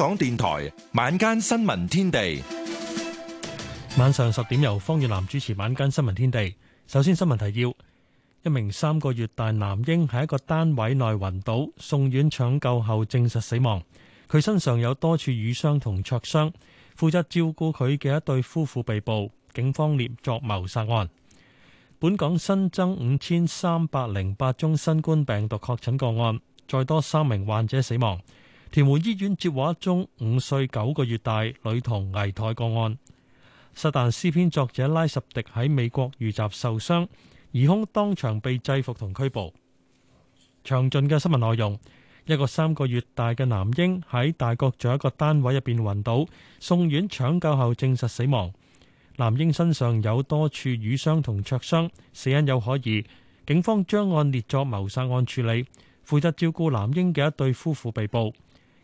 港電台晚間新聞天地，晚上十點由方月南主持晚間新聞天地。首先新聞提要：一名三個月大男嬰喺一個單位內暈倒，送院搶救後證實死亡。佢身上有多處瘀傷同灼傷。負責照顧佢嘅一對夫婦被捕，警方列作謀殺案。本港新增五千三百零八宗新冠病毒確診個案，再多三名患者死亡。屯門醫院接獲一宗五歲九個月大女童危殆個案。《撒旦詩篇》作者拉什迪喺美國遇襲受傷，疑兇當場被制服同拘捕。詳盡嘅新聞內容：一個三個月大嘅男嬰喺大角咀一個單位入邊暈倒，送院搶救後證實死亡。男嬰身上有多處瘀傷同灼傷，死因有可疑。警方將案列作謀殺案處理。負責照顧男嬰嘅一對夫婦被捕。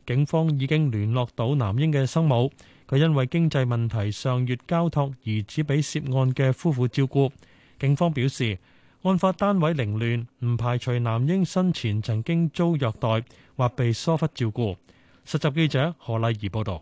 警方已經聯絡到男嬰嘅生母，佢因為經濟問題上月交託兒子俾涉案嘅夫婦照顧。警方表示，案發單位凌亂，唔排除男嬰生前曾經遭虐待或被疏忽照顧。實習記者何麗儀報導。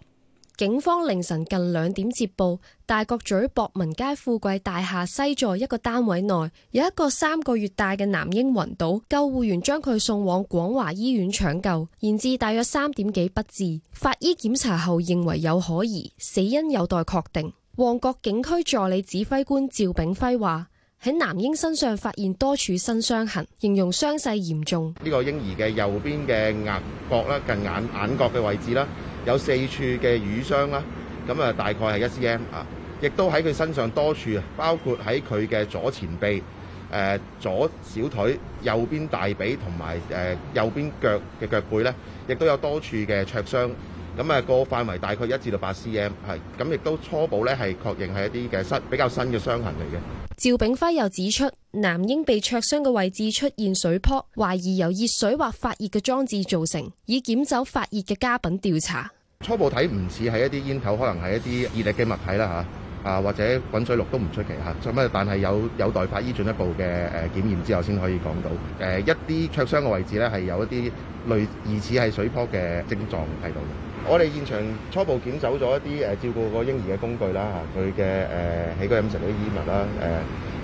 警方凌晨近兩點接報，大角咀博文街富貴大廈西座一個單位內有一個三個月大嘅男嬰暈倒，救護員將佢送往廣華醫院搶救，延至大約三點幾不治。法醫檢查後認為有可疑，死因有待確定。旺角警區助理指揮官趙炳輝話。喺男嬰身上發現多處新傷痕，形容傷勢嚴重。呢個嬰兒嘅右邊嘅額角咧，近眼眼角嘅位置啦，有四處嘅瘀傷啦，咁啊大概係一 cm 啊，亦都喺佢身上多處，包括喺佢嘅左前臂、誒、呃、左小腿、右邊大髀同埋誒右邊腳嘅腳背咧，亦都有多處嘅灼傷。咁啊，個範圍大概一至到八 cm，係咁，亦都初步咧係確認係一啲嘅新比較新嘅傷痕嚟嘅。趙炳輝又指出，男嬰被灼傷嘅位置出現水泡，懷疑由熱水或發熱嘅裝置造成，已檢走發熱嘅家品調查。初步睇唔似係一啲煙頭，可能係一啲熱力嘅物體啦嚇啊，或者滾水爐都唔出奇嚇。咁啊，但係有有待法醫進一步嘅誒檢驗之後先可以講到誒、啊、一啲灼傷嘅位置咧，係有一啲類疑似係水泡嘅症狀喺度。我哋現場初步檢走咗一啲誒照顧個嬰兒嘅工具啦，佢嘅誒起居飲食嗰啲衣物啦，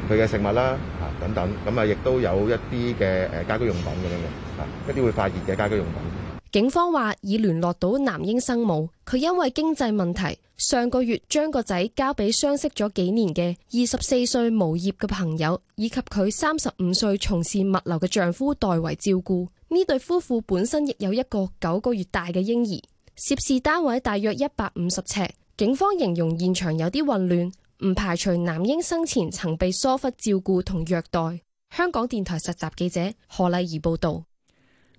誒佢嘅食物啦，嚇等等咁啊，亦都有一啲嘅誒家居用品咁樣嘅嚇一啲會發熱嘅家居用品。用品，警方話已聯絡到男嬰生母，佢因為經濟問題，上個月將個仔交俾相識咗幾年嘅二十四歲無業嘅朋友，以及佢三十五歲從事物流嘅丈夫代為照顧。呢對夫婦本身亦有一個九個月大嘅嬰兒。涉事單位大約一百五十尺，警方形容現場有啲混亂，唔排除男嬰生前曾被疏忽照顧同虐待。香港電台實習記者何麗儀報道。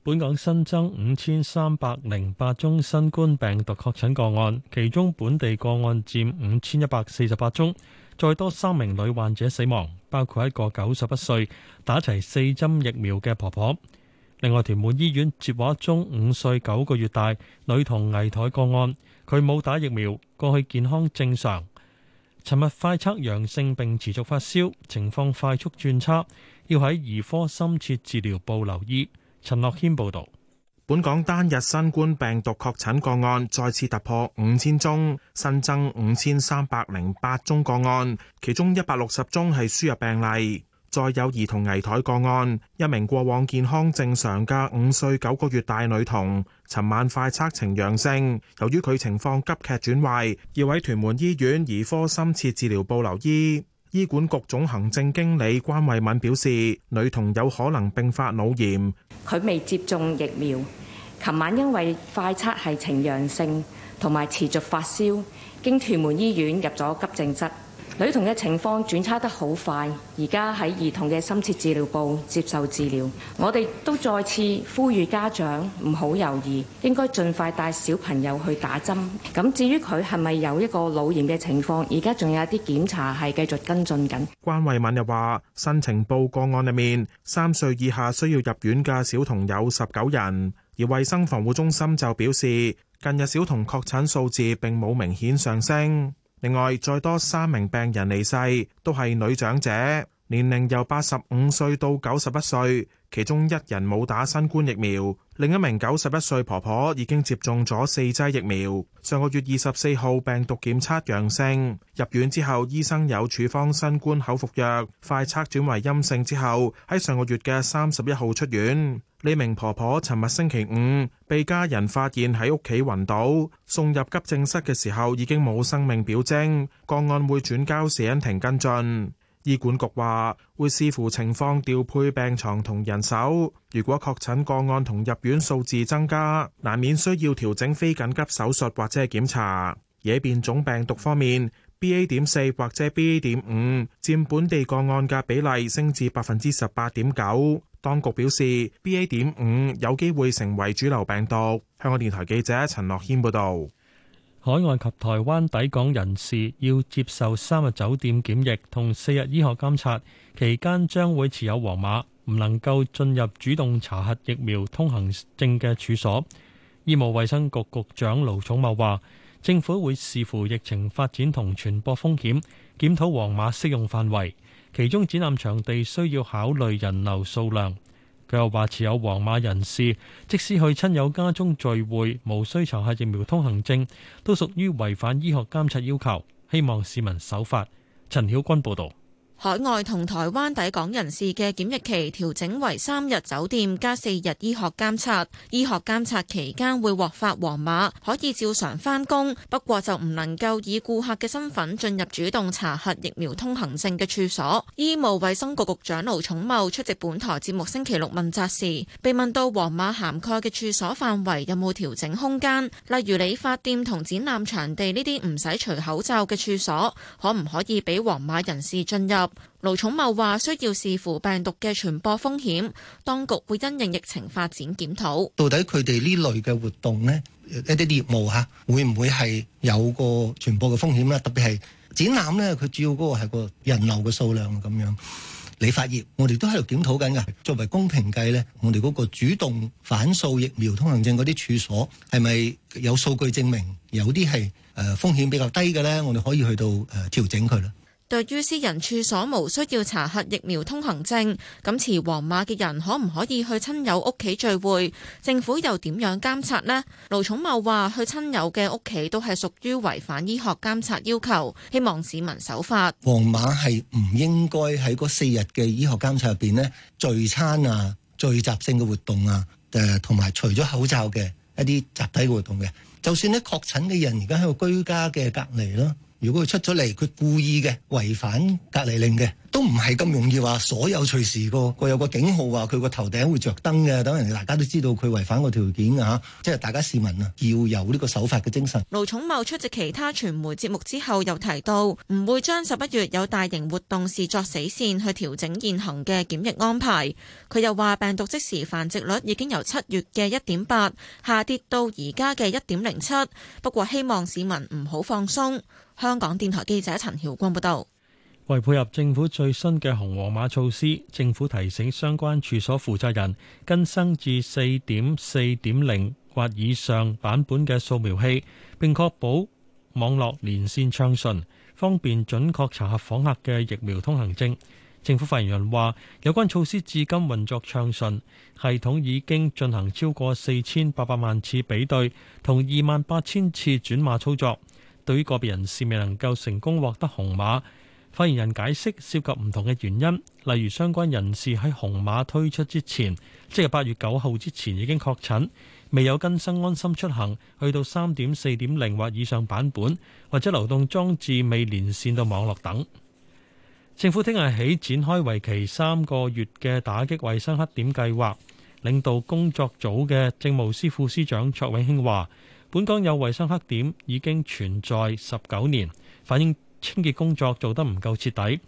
本港新增五千三百零八宗新冠病毒確診個案，其中本地個案佔五千一百四十八宗，再多三名女患者死亡，包括一個九十一歲打齊四針疫苗嘅婆婆。另外，屯門醫院接獲一宗五歲九個月大女童危殆個案，佢冇打疫苗，過去健康正常。尋日快測陽性並持續發燒，情況快速轉差，要喺兒科深切治療部留醫。陳樂軒報道。本港單日新冠病毒確診個案再次突破五千宗，新增五千三百零八宗個案，其中一百六十宗係輸入病例。再有兒童危殆個案，一名過往健康正常嘅五歲九個月大女童，尋晚快測呈陽性，由於佢情況急劇轉壞，要喺屯門醫院兒科深切治療部留醫。醫管局總行政經理關慧敏表示，女童有可能併發腦炎，佢未接種疫苗，琴晚因為快測係呈陽性同埋持續發燒，經屯門醫院入咗急症室。女童嘅情況轉差得好快，而家喺兒童嘅深切治療部接受治療。我哋都再次呼籲家長唔好猶豫，應該盡快帶小朋友去打針。咁至於佢係咪有一個腦炎嘅情況，而家仲有一啲檢查係繼續跟進緊。關惠敏又話：新呈報個案入面，三歲以下需要入院嘅小童有十九人，而衛生防護中心就表示，近日小童確診數字並冇明顯上升。另外，再多三名病人離世，都係女長者。年齡由八十五歲到九十一歲，其中一人冇打新冠疫苗，另一名九十一歲婆婆已經接種咗四劑疫苗。上個月二十四號病毒檢測陽性，入院之後醫生有處方新冠口服藥，快測轉為陰性之後，喺上個月嘅三十一號出院。呢名婆婆尋日星期五被家人發現喺屋企暈倒，送入急症室嘅時候已經冇生命表徵，個案會轉交死因庭跟進。醫管局話會，視乎情況調配病床同人手，如果確診個案同入院數字增加，難免需要調整非緊急手術或者係檢查。而變種病毒方面，BA. 點四或者 BA. 點五佔本地個案嘅比例升至百分之十八點九。當局表示，BA. 點五有機會成為主流病毒。香港電台記者陳樂謙報道。海外及台灣抵港人士要接受三日酒店檢疫同四日醫學監察，期間將會持有黃碼，唔能夠進入主動查核疫苗通行證嘅處所。醫務衛生局局長盧寵茂話，政府會視乎疫情發展同傳播風險，檢討黃碼適用範圍，其中展覽場地需要考慮人流數量。佢又話：持有黃碼人士，即使去親友家中聚會，無需查下疫苗通行證，都屬於違反醫學監察要求。希望市民守法。陳曉君報導。海外同台灣抵港人士嘅檢疫期調整為三日酒店加四日醫學監察，醫學監察期間會獲發黃碼，可以照常返工，不過就唔能夠以顧客嘅身份進入主動查核疫苗通行證嘅處所。醫務衛生局局長盧寵茂出席本台節目星期六問責時，被問到黃碼涵蓋嘅處所範圍有冇調整空間，例如理髮店同展覽場地呢啲唔使除口罩嘅處所，可唔可以俾黃碼人士進入？盧寵茂話：需要視乎病毒嘅傳播風險，當局會因應疫情發展檢討。到底佢哋呢類嘅活動呢？一啲業務吓，會唔會係有個傳播嘅風險咧？特別係展覽呢，佢主要嗰個係個人流嘅數量咁樣。理髮業，我哋都喺度檢討緊㗎。作為公平計呢，我哋嗰個主動反掃疫苗通行證嗰啲處所，係咪有數據證明有啲係誒風險比較低嘅咧？我哋可以去到誒調整佢啦。對於私人處所無需要查核疫苗通行證，咁持黃碼嘅人可唔可以去親友屋企聚會？政府又點樣監察呢？盧寵茂話：去親友嘅屋企都係屬於違反醫學監察要求，希望市民守法。黃碼係唔應該喺嗰四日嘅醫學監察入邊咧聚餐啊、聚集性嘅活動啊，誒同埋除咗口罩嘅一啲集體活動嘅，就算啲確診嘅人而家喺度居家嘅隔離咯。如果佢出咗嚟，佢故意嘅違反隔離令嘅，都唔係咁容易話所有隨時個佢有個警號話佢個頭頂會着燈嘅，等人哋大家都知道佢違反個條件吓、啊，即係大家市民啊要有呢個守法嘅精神。盧寵茂出席其他傳媒節目之後，又提到唔會將十一月有大型活動視作死線去調整現行嘅檢疫安排。佢又話病毒即時繁殖率已經由七月嘅一點八下跌到而家嘅一點零七，不過希望市民唔好放鬆。香港電台記者陳曉光報道，為配合政府最新嘅紅黃碼措施，政府提醒相關處所負責人更新至四點四點零或以上版本嘅掃描器，並確保網絡連線暢順，方便準確查核訪客嘅疫苗通行證。政府發言人話，有關措施至今運作暢順，系統已經進行超過四千八百萬次比對，同二萬八千次轉碼操作。對於個別人士未能夠成功獲得紅碼，發言人解釋涉及唔同嘅原因，例如相關人士喺紅碼推出之前，即係八月九號之前已經確診，未有更新安心出行，去到三點、四點零或以上版本，或者流動裝置未連線到網絡等。政府聽日起展開為期三個月嘅打擊衞生黑點計劃，領導工作組嘅政務司副司長卓永興話。本港有衞生黑點已經存在十九年，反映清潔工作做得唔夠徹底。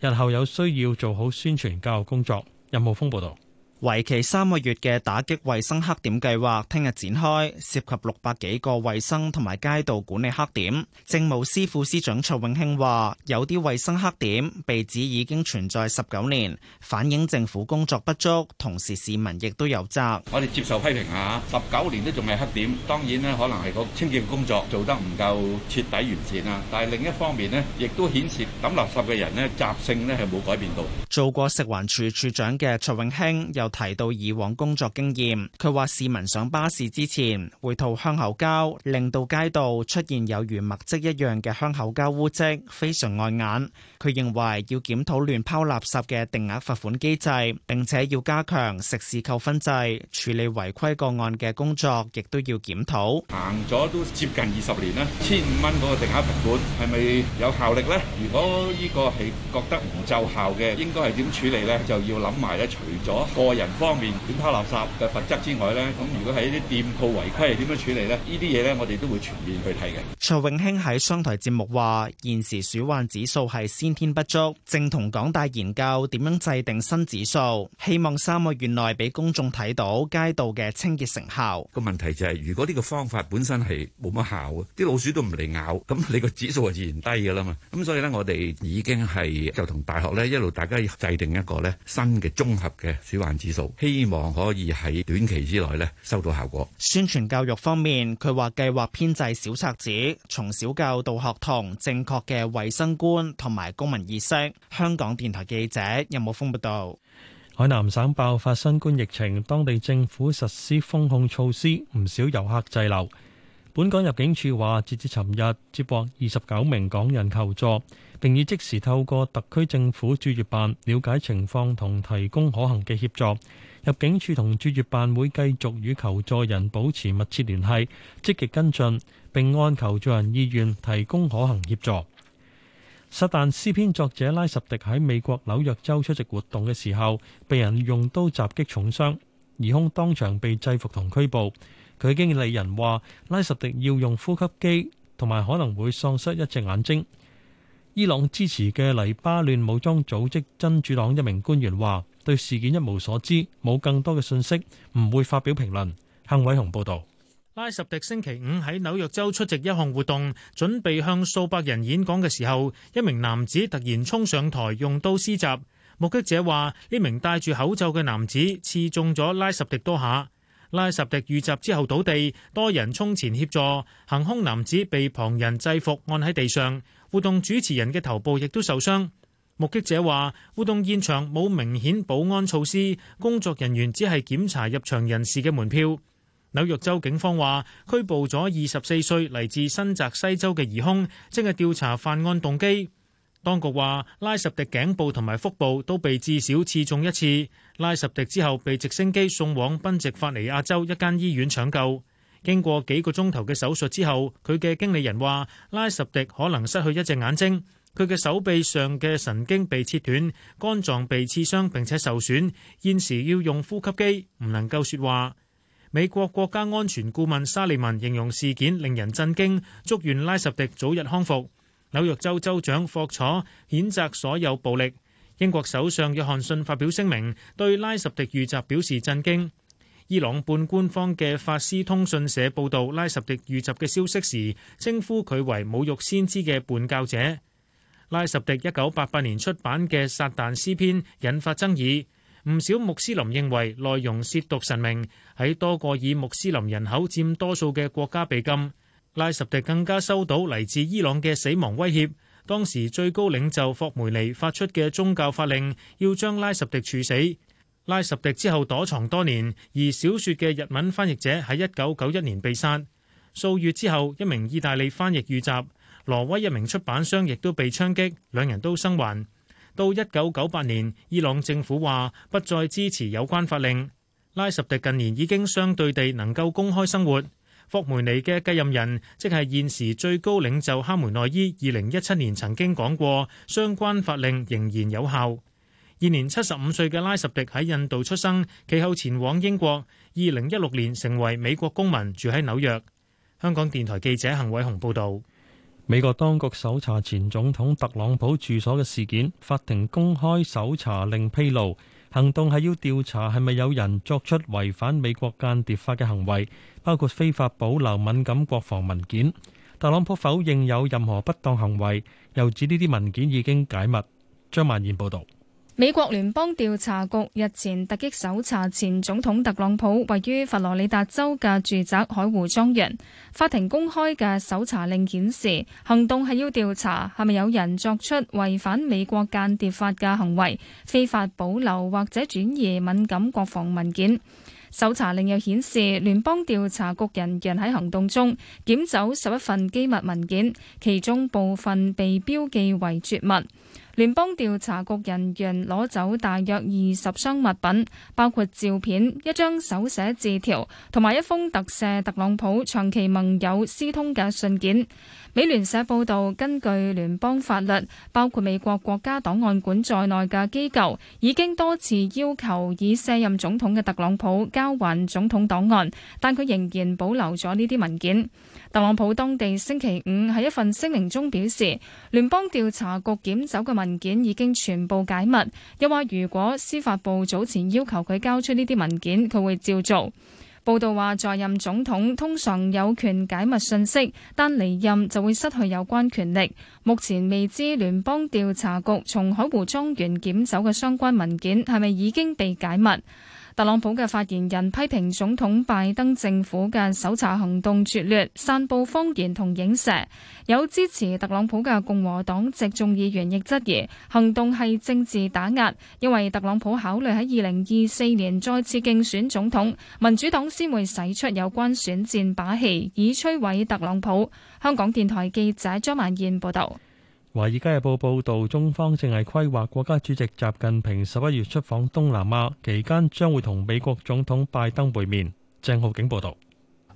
日後有需要做好宣傳教育工作。任浩峰報導。為期三個月嘅打擊衛生黑點計劃聽日展開，涉及六百幾個衛生同埋街道管理黑點。政務司副司長蔡永興話：有啲衛生黑點被指已經存在十九年，反映政府工作不足，同時市民亦都有責。我哋接受批評啊，十九年都仲未黑點，當然呢可能係個清潔工作做得唔夠徹底完善啊。但係另一方面呢，亦都顯示抌垃圾嘅人呢，習性呢係冇改變到。做過食環處處長嘅蔡永興又。提到以往工作經驗，佢話市民上巴士之前會塗香口膠，令到街道出現有如墨跡一樣嘅香口膠污漬，非常礙眼。佢認為要檢討亂拋垃圾嘅定額罰款機制，並且要加強食肆扣分制，處理違規個案嘅工作亦都要檢討。行咗都接近二十年啦，千五蚊嗰個定額罰款係咪有效力咧？如果呢個係覺得唔奏效嘅，應該，係點處理咧？就要諗埋咧，除咗個。人方面亂拋垃圾嘅罰則之外呢，咁如果喺啲店鋪違規，點樣處理呢？呢啲嘢呢，我哋都會全面去睇嘅。曹永興喺商台節目話：現時鼠患指數係先天不足，正同港大研究點樣制定新指數，希望三個月內俾公眾睇到街道嘅清潔成效。個問題就係，如果呢個方法本身係冇乜效嘅，啲老鼠都唔嚟咬，咁你個指數係自然低㗎啦嘛。咁所以呢，我哋已經係就同大學呢一路，大家要制定一個呢新嘅綜合嘅鼠患指數。希望可以喺短期之內咧收到效果。宣傳教育方面，佢話計劃編製小冊子，從小教導學童正確嘅衛生觀同埋公民意識。香港電台記者任武峰報道。海南省爆發新冠疫情，當地政府實施封控措施，唔少遊客滯留。本港入境處話，截至尋日，接獲二十九名港人求助。並已即時透過特區政府駐粵辦了解情況同提供可行嘅協助。入境處同駐粵辦會繼續與求助人保持密切聯繫，積極跟進，並按求助人意願提供可行協助。《撒旦詩篇》作者拉什迪喺美國紐約州出席活動嘅時候，被人用刀襲擊重傷，疑兇當場被制服同拘捕。佢經理人話：拉什迪要用呼吸機，同埋可能會喪失一隻眼睛。伊朗支持嘅黎巴嫩武裝組織真主黨一名官員話：對事件一無所知，冇更多嘅信息，唔會發表評論。幸偉雄報道。拉什迪星期五喺紐約州出席一項活動，準備向數百人演講嘅時候，一名男子突然衝上台用刀施襲。目擊者話：呢名戴住口罩嘅男子刺中咗拉什迪多下。拉什迪遇襲之後倒地，多人衝前協助，行兇男子被旁人制服按喺地上。活動主持人嘅頭部亦都受傷。目擊者話：活動現場冇明顯保安措施，工作人員只係檢查入場人士嘅門票。紐約州警方話，拘捕咗二十四歲嚟自新澤西州嘅疑兇，正係調查犯案動機。當局話，拉什迪頸部同埋腹部都被至少刺中一次。拉什迪之後被直升機送往賓夕法尼亞州一間醫院搶救。經過幾個鐘頭嘅手術之後，佢嘅經理人話拉什迪可能失去一隻眼睛，佢嘅手臂上嘅神經被切斷，肝臟被刺傷並且受損，現時要用呼吸機，唔能夠說話。美國國家安全顧問沙利文形容事件令人震驚，祝願拉什迪早日康復。紐約州州長霍楚譴責所有暴力。英國首相約翰遜發表聲明，對拉什迪遇襲表示震驚。伊朗半官方嘅法斯通訊社報道，拉什迪遇襲嘅消息時稱呼佢為侮辱先知嘅叛教者。拉什迪一九八八年出版嘅《撒旦詩篇》引發爭議，唔少穆斯林認為內容褻瀆神明，喺多個以穆斯林人口佔多數嘅國家被禁。拉什迪更加收到嚟自伊朗嘅死亡威脅，當時最高領袖霍梅尼發出嘅宗教法令要將拉什迪處死。拉什迪之後躲藏多年，而小說嘅日文翻譯者喺一九九一年被殺，數月之後一名意大利翻譯遇襲，挪威一名出版商亦都被槍擊，兩人都生還。到一九九八年，伊朗政府話不再支持有關法令。拉什迪近年已經相對地能夠公開生活。霍梅尼嘅繼任人，即係現時最高領袖哈梅內伊，二零一七年曾經講過，相關法令仍然有效。現年七十五歲嘅拉什迪喺印度出生，其後前往英國。二零一六年成為美國公民，住喺紐約。香港電台記者陳偉雄報道：美國當局搜查前總統特朗普住所嘅事件，法庭公開搜查令披露行動係要調查係咪有人作出違反美國間諜法嘅行為，包括非法保留敏感國防文件。特朗普否認有任何不當行為，又指呢啲文件已經解密。張曼燕報道。美國聯邦調查局日前突擊搜查前總統特朗普位於佛羅里達州嘅住宅海湖莊園。法庭公開嘅搜查令顯示，行動係要調查係咪有人作出違反美國間諜法嘅行為，非法保留或者轉移敏感國防文件。搜查令又顯示，聯邦調查局人員喺行動中檢走十一份機密文件，其中部分被標記為絕密。聯邦調查局人員攞走大約二十箱物品，包括照片、一張手寫字條同埋一封特赦特朗普長期盟友斯通嘅信件。美聯社報道，根據聯邦法律，包括美國國家檔案館在內嘅機構已經多次要求已卸任總統嘅特朗普交還總統檔案，但佢仍然保留咗呢啲文件。特朗普當地星期五喺一份聲明中表示，聯邦調查局檢走嘅文件已經全部解密，又話如果司法部早前要求佢交出呢啲文件，佢會照做。報道話，在任總統通常有權解密信息，但離任就會失去有關權力。目前未知聯邦調查局從海湖莊園檢走嘅相關文件係咪已經被解密。特朗普嘅發言人批評總統拜登政府嘅搜查行動拙劣、散布謊言同影射。有支持特朗普嘅共和黨籍眾議員亦質疑行動係政治打壓，因為特朗普考慮喺二零二四年再次競選總統，民主黨先會使出有關選戰把戲，以摧毀特朗普。香港電台記者張曼燕報道。《華爾街日報》報道，中方正係規劃國家主席習近平十一月出訪東南亞期間，將會同美國總統拜登會面。鄭浩景報道。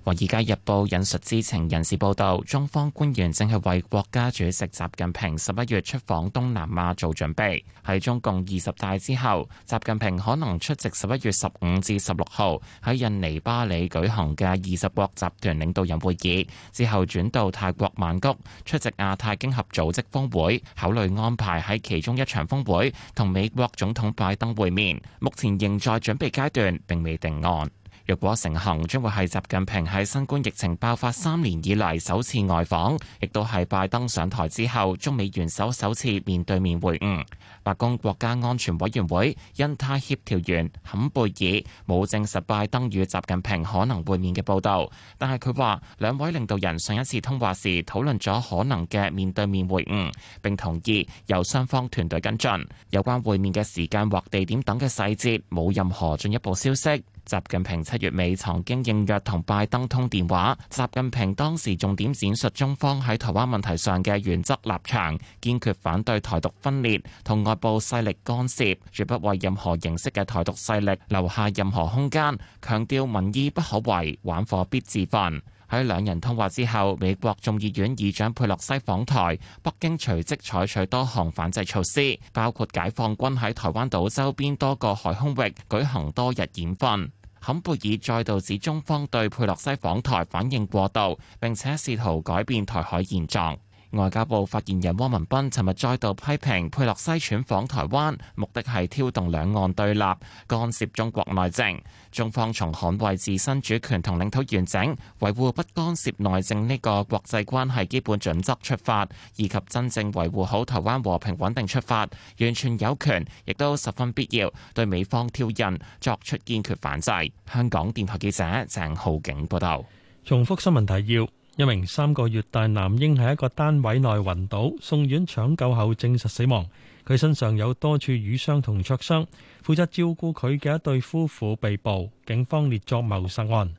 《華爾街日報》引述知情人士報道，中方官員正係為國家主席習近平十一月出訪東南亞做準備。喺中共二十大之後，習近平可能出席十一月十五至十六號喺印尼巴里舉行嘅二十國集團領導人會議，之後轉到泰國曼谷出席亞太經合組織峰會，考慮安排喺其中一場峰會同美國總統拜登會面。目前仍在準備階段，並未定案。若果成行，將會係習近平喺新冠疫情爆發三年以嚟首次外訪，亦都係拜登上台之後，中美元首首次面對面會晤。白宮國家安全委員會印太協調員坎貝爾冇證實拜登與習近平可能會面嘅報道，但係，佢話兩位領導人上一次通話時討論咗可能嘅面對面會晤，並同意由雙方團隊跟進有關會面嘅時間或地點等嘅細節，冇任何進一步消息。習近平七月尾曾經應約同拜登通電話，習近平當時重點闡述中方喺台灣問題上嘅原則立場，堅決反對台獨分裂同外部勢力干涉，絕不為任何形式嘅台獨勢力留下任何空間，強調民意不可違，玩火必自焚。喺兩人通話之後，美國眾議院議長佩洛西訪台，北京隨即採取多項反制措施，包括解放軍喺台灣島周邊多個海空域舉行多日演訓。坎貝爾再度指中方對佩洛西訪台反應過度，並且試圖改變台海現狀。外交部發言人汪文斌尋日再度批評佩洛西竄訪台灣，目的係挑動兩岸對立、干涉中國內政。中方從捍衛自身主權同領土完整、維護不干涉內政呢個國際關係基本準則出發，以及真正維護好台灣和平穩定出發，完全有權，亦都十分必要，對美方挑釁作出堅決反制。香港電台記者鄭浩景報道。重複新聞提要。一名三個月大男嬰喺一個單位內暈倒，送院搶救後證實死亡。佢身上有多處瘀傷同灼傷。負責照顧佢嘅一對夫婦被捕，警方列作謀殺案。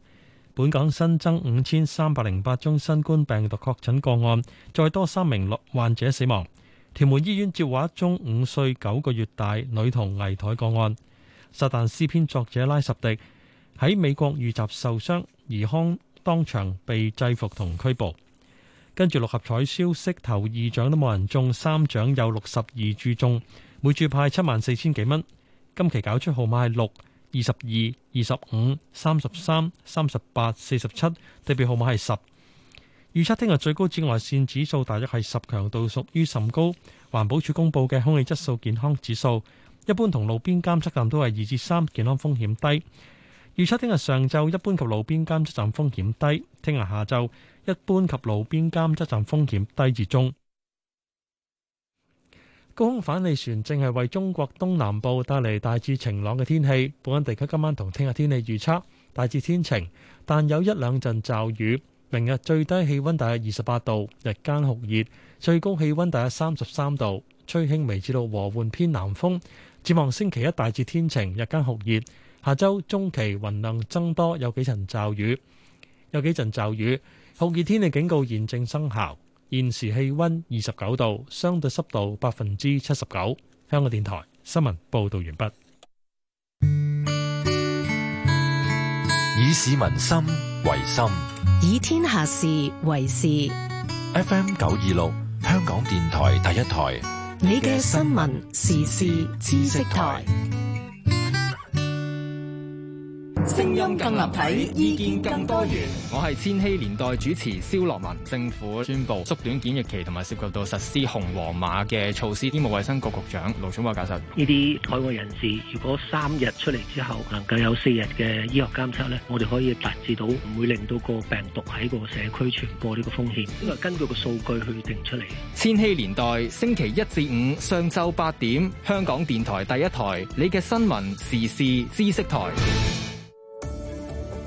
本港新增五千三百零八宗新冠病毒確診個案，再多三名患者死亡。屯門醫院接獲一宗五歲九個月大女童危殆個案。《撒旦詩篇》作者拉什迪喺美國遇襲受傷而康。當場被制服同拘捕。跟住六合彩消息，頭二獎都冇人中，三獎有六十二注中，每注派七萬四千幾蚊。今期搞出號碼係六、二十二、二十五、三十三、三十八、四十七，特別號碼係十。預測聽日最高紫外線指數大約係十，強度屬於甚高。環保署公佈嘅空氣質素健康指數，一般同路邊監測站都係二至三，健康風險低。預測聽日上晝一般及路邊監測站風險低，聽日下晝一般及路邊監測站風險低至中。高空反氣旋正係為中國東南部帶嚟大致晴朗嘅天氣。本港地區今晚同聽日天氣預測大致天晴，但有一兩陣驟雨。明日最低氣温大約二十八度，日間酷熱，最高氣温大約三十三度，吹輕微至到和緩偏南風。展望星期一大致天晴，日間酷熱。下周中期雲量增多，有幾陣驟雨，有幾陣驟雨。酷熱天氣警告現正生效。現時氣溫二十九度，相對濕度百分之七十九。香港電台新聞報道完畢。以市民心為心，以天下事為事。FM 九二六，香港電台第一台，你嘅新聞時事知識台。聲音更立體，意見更多元。我係千禧年代主持蕭樂文。政府宣布縮短檢疫期，同埋涉及到實施紅黃碼嘅措施。醫務衛生局局長盧寵華教授，呢啲海外人士如果三日出嚟之後，能夠有四日嘅醫學監測呢，我哋可以達至到唔會令到個病毒喺個社區傳播呢個風險。因為根據個數據去定出嚟。千禧年代星期一至五上晝八點，香港電台第一台，你嘅新聞時事知識台。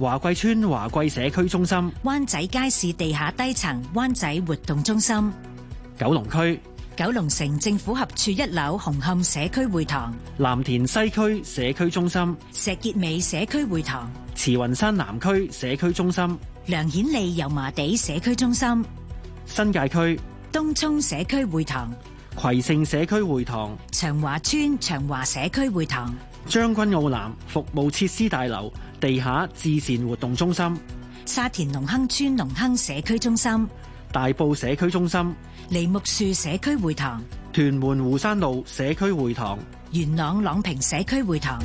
華貴村華貴社區中心，灣仔街市地下低層灣仔活動中心，九龍區九龍城政府合署一樓紅磡社區會堂，藍田西區社區中心，石硤尾社區會堂，慈雲山南區社區中心，梁顯利油麻地社區中心，新界區東涌社區會堂，葵盛社區會堂，長華村長華社區會堂，將軍澳南服務設施大樓。地下自善活動中心、沙田隆亨邨隆亨社區中心、大埔社區中心、梨木樹社區會堂、屯門湖山路社區會堂、元朗朗平社區會堂、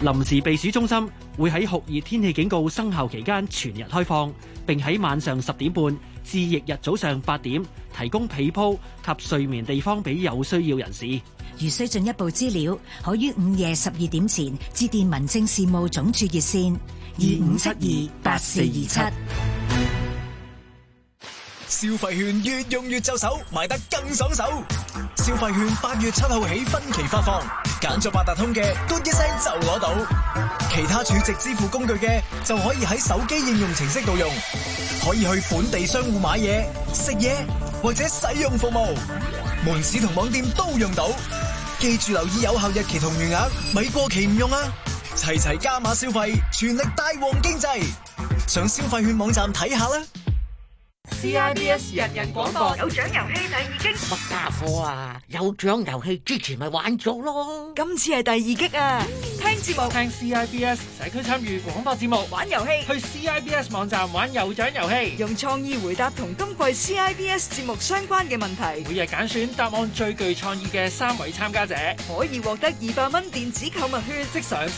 臨時避暑中心會喺酷熱天氣警告生效期間全日開放，並喺晚上十點半至翌日早上八點提供被鋪及睡眠地方俾有需要人士。如需進一步資料，可於午夜十二點前致電民政事務總署熱線二五七二八四二七。消費券越用越就手，買得更爽手。消費券八月七號起分期發放，揀咗八達通嘅，嘟一聲就攞到，其他儲值支付工具嘅，就可以喺手機應用程式度用，可以去本地商戶買嘢、食嘢或者使用服務，門市同網店都用到。記住留意有效日期同餘額，咪過期唔用啊！齊齊加碼消費，全力帶旺經濟，上消費券網站睇下啦！C I B S 人人廣播，廣播有獎遊戲第二擊，乜家伙啊？有獎遊戲之前咪玩咗咯，今次係第二擊啊！聽節目，聽 C I B S 社區參與廣播節目玩遊戲，去 C I B S 網站玩有獎遊戲，用創意回答同今季 C I B S 節目相關嘅問題，每日揀選，選答案最具創意嘅三位參加者，可以獲得二百蚊電子購物券，即上。